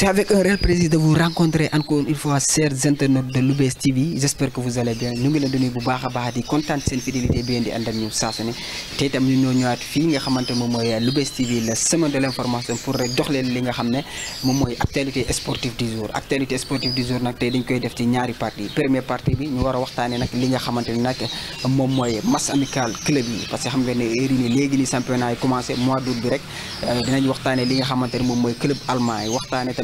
C'est avec un réel plaisir de vous rencontrer encore une fois chers internautes de Lou'Bess TV j'espère que vous allez bien ñu ngi leen di nuyu bu a baax di kontaan te dañ koy def ci ñaari partie première partie bi ñu war a waxtaanee nag li nga xamante ni moom mooy match amical club yi parce que xam nga ne heure yi léegi nii championnat yi commencé mois d'août bi rek euh, dinañ waxtaanee li nga xamante moom mooy club allemand yi waxtaanee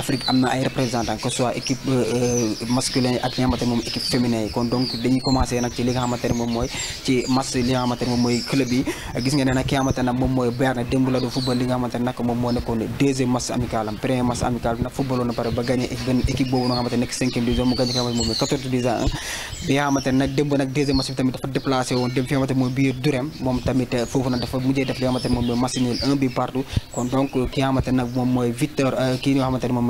Afrique am na ay représentants que soit équipe masculin ak li nga xamante ne équipe féminin yi kon donc ki nga moom mooy Bayern ki nga xamante moom mooy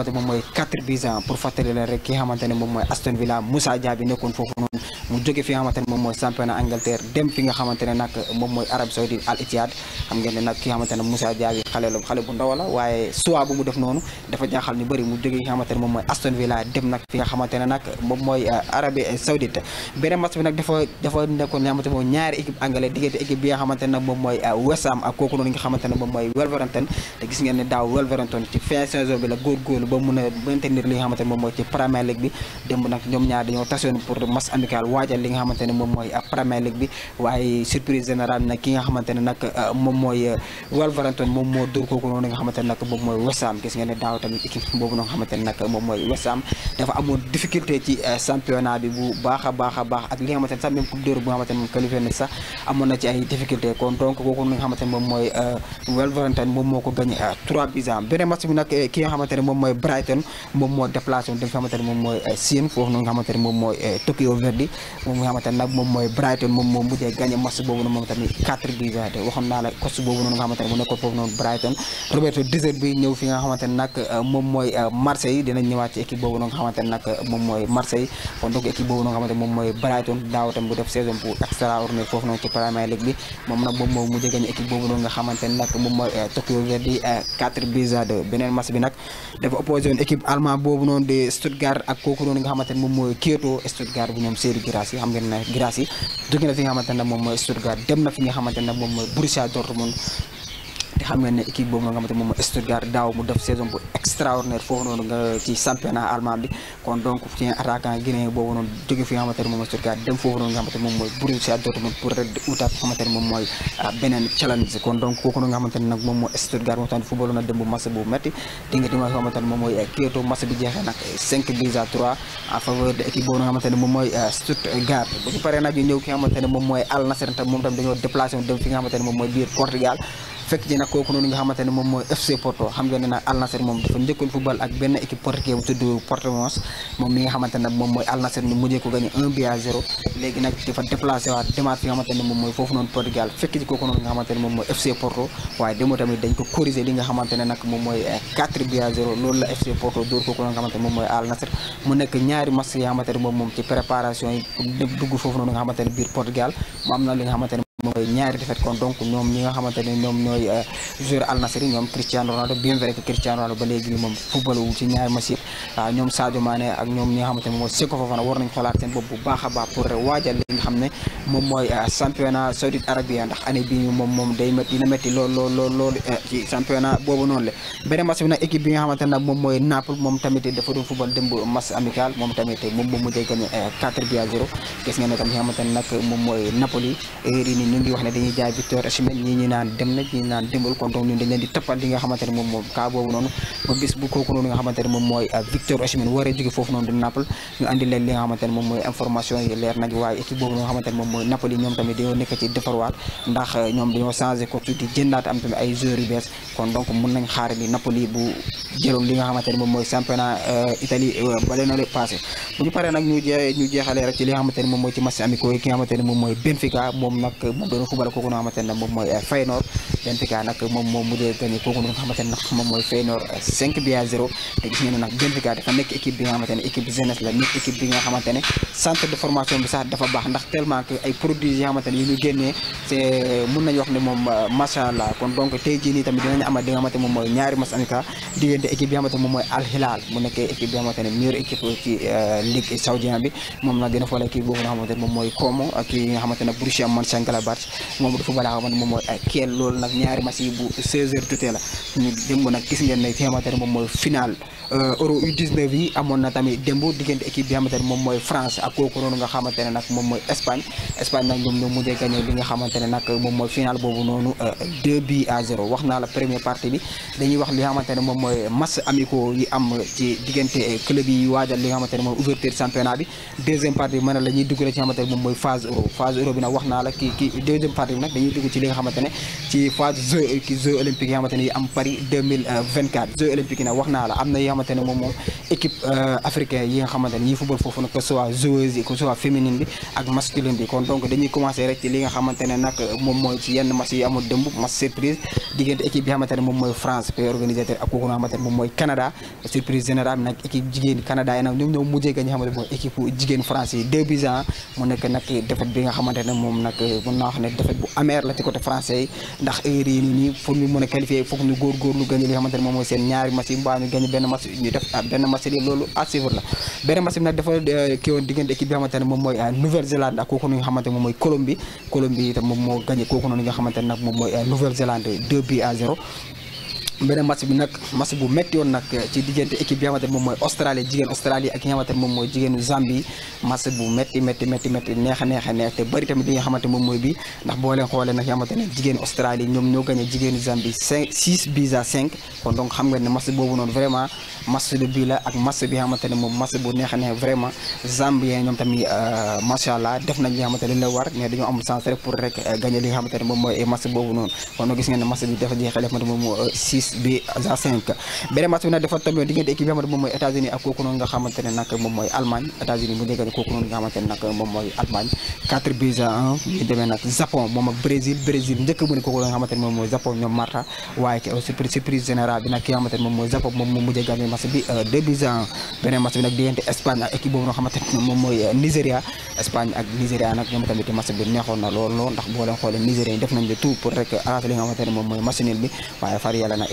xamante moom mooy quatre buts pour fàttali leen rek ki moom mooy Aston Villa Moussa Diaby nekkoon foofu noonu mu jóge fi nga xamante ne moom mooy championnat Angleterre dem fi nga xamante ne nag moom mooy Al Ittihad xam ngeen nga xamante mu def moom mooy Aston Villa dem nag fi nga xamante ne nag moom mooy euh, Arabie Saoudite beneen match bi nag dafa nekkoon li nga ne moom ñaari équipe anglais diggante équipe bi nga xamante moom mooy euh, West Ham ak kooku noonu nga xamante moom mooy Wolverhampton te gis ngeen ne daaw Wolverhampton ci fin saison bi la góorgóorlu ba mun a maintenir li nga xamante moom mooy ci Premier League bi démb nag ñoom ñaar dañoo tasoon pour waajal li nga xamante ne moom mooy Premier League bi waaye surprise générale nag ki nga xamante ne nag moom mooy Wolverhampton moom moo dóor kooku noonu nga xamante ne nag moom mooy West Ham gis nga ne daaw tamit équipe boobu noonu nga xamante ne nag moom mooy West Ham dafa amoon difficulté ci championnat bi bu baax a baax a baax ak li nga xamante ne sax même coupe d'Europe bu nga xamante ne moom qualifié na sax amoon na ci ay difficulté kon donc kooku nga xamante ne moom mooy Wolverhampton moom moo ko gañ 3 buts à 1 beneen match bi nag ki nga xamante ne moom mooy Brighton moom moo déplacé woon dem nga xamante ne moom mooy Sien foofu noonu nga xamante ne moom mooy Tokyo Verdy moom nga xamante ne mooy Brighton moom euh, mooy euh, Marseille dinañ ñëwaat euh, boobu noonu nga xamante ne moom mooy Tokyo Verdy 4 buts beneen match bi nag dafa opposé woon équipe boobu noonu de Stuttgart ak kooku nga xamante moom mooy Kyoto Stuttgart bu ñoom Seydou Gira grâce yi xam ngeen ne grâce jóge na fi nga xamante ne moom mooy Stuttgart dem na fi nga xamante ne moom mooy Borussia Dortmund xam moom mooy Stuttgart daaw mu def saison bu extraordinaire foofu noonu nga ci bi kon donc ci attaquant guinéen boobu nga xamante moom mooy Stuttgart moom tamit na dem bu match bu métti di nga moom mooy ah, moom mooy Stuttgart moom mooy Al dañoo déplacé dem fi nga xamante moom mooy biir Portugal fekk ji nag kooku noonu nga xamante moom mooy FC Porto xam nga ne nag dafa moom moom moom moom nekk ñaari match yi nga moom moom ci préparation yi dugg foofu noonu nga xamante biir Portugal mu am li nga xamante mooy ñaari défaite kon donc ñoom ñooy euh, joueur Al Nassr ñoom Cristiano Ronaldo bien vrai que Cristiano Ronaldo ba léegi moom football ñaari match ah, ñoom Sadio Mané ak ñoom ñi nga xamante ne euh, Arabia ndax année bii moom moom day métti lool lool lool lool euh, ci championnat boobu noonu la beneen moom mooy Naples moom tamit dafa doon football démb match moom tamit moom moom mu jëy gagné 4 bi à nga xamante ne moom mooy Napoli ngi wax ne dañuy jaay victoire Osimhen ñii ñi naan dem na ñi naan dimbal kon donc ñun dañ leen di li nga xamante moom moom cas boobu noonu ba bis bu kooku noonu nga xamante moom mooy euh, victoire Osimhen a jóge Napoli ñoom tamit dañoo nekk ci defarwaat ndax euh, ñoom dañoo changé ko tuuti jëndaat am tamit ay joueurs yu bees kon donc mën nañ xaar ni Napoli bu jëloon li nga xamante moom mooy championnat euh, Italie bale na moom mooy ci match moom mooy Benfica doon xubal kooku nga xamante ne moom moom mooy Feyenoord 5 bi à 0 te gis dafa nekk équipe bi nga xamante équipe bi nga xamante moom mooy ñaari moom nekk équipe bi nga xamante moom mooy Como ki nga xamante ne Borussia Barth moom dafa balaa mooy final boobu noonu 2 euh, buts à 0 wax naa la première partie bi dañuy wax li xamante moom mooy match amicaux yi am ci diggante euh, club yi waajal li nga xamante ne mooy championnat bi deuxième partie bi mën na la ci xamante moom mooy phase euro phase euro bi wax naa la ki partie deuxième partie bi nag ci li nga xamante ci phase jeu jeu yi nga xamante yi am Paris 2024 jeu olympique yi nag wax naa la am na yi nga moom moom équipe euh, africaine yi nga xamante yi nga xamante nag moom mooy Canada surprise générale nag équipe jigéen Canada yi nag ñoom ñoo mujjee ga ñu xamante mooy équipe jigéen France yi mu nekk nag défaite bi nga xamante moom nag boo xam bu amer la ci français yi ndax heure yi nii nii pour ñu mën a qualifier foog ñu góorgóorlu gagné li xamante ne moom mooy seen ñaari match ah yi ñu gagné benn match loolu à la benn match nag dafa euh, kii woon diggante équipe bi xamante ne moom mooy euh, Nouvelle-Zélande ak kooku noonu nga xamante nag moom mooy euh, Nouvelle-Zélande 2 buts à beneen match bi nag match bu métti woon nag ci diggante équipe bi moom mooy Australie jigéen Australie a neex a neex te bëri tamit li nga moom mooy bi ndax boo leen xoolee nag nga xamante ne jigéen Australie ñoom ñoo gagné jigéenu boobu noonu vraiment match de but la bi nga xamante ne a neex vraiment Zambien ñoom tamit euh, macha allah def nañ li nga euh, moom mooy match boobu noonu kon nag gis ngeen ne match bi dafa jeexale xamante moom euh, bi à 5 beneen match bi nag dafa tombe diggante équipe bi neexoon na lool lool ndax boo leen xoolee Nigéria def nañ tout pour rek arranger nga xamante moom mooy match bi waaye far yàlla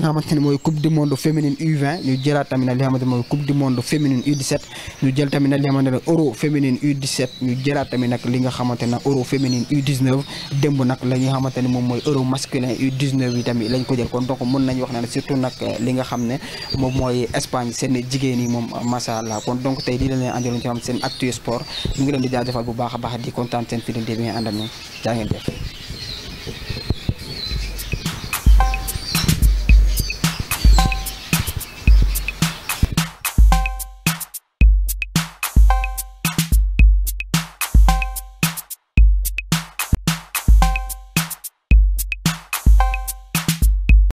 nga xamante ne mooy coupe du monde féminine U20 ñu jëlaat tamit nag li nga xamante ne mooy coupe du monde féminine U17 li nga xamante ne euro féminine U17 ñu jëlaat tamit xamante ne moom mooy euro masculin U19 yi tamit lañ ko jël kon donc mën nañu wax ne surtout nag euh, li nga xam ne moom mooy Espagne seen jigéen yi moom euh, macha allah kon donc tey lii la leen andiloon ci xam seen actu sport ñu ngi leen di jaajëfal bu baax a baax di kontaan seen fidélité bi ngeen àndal ñoom jaa ngeen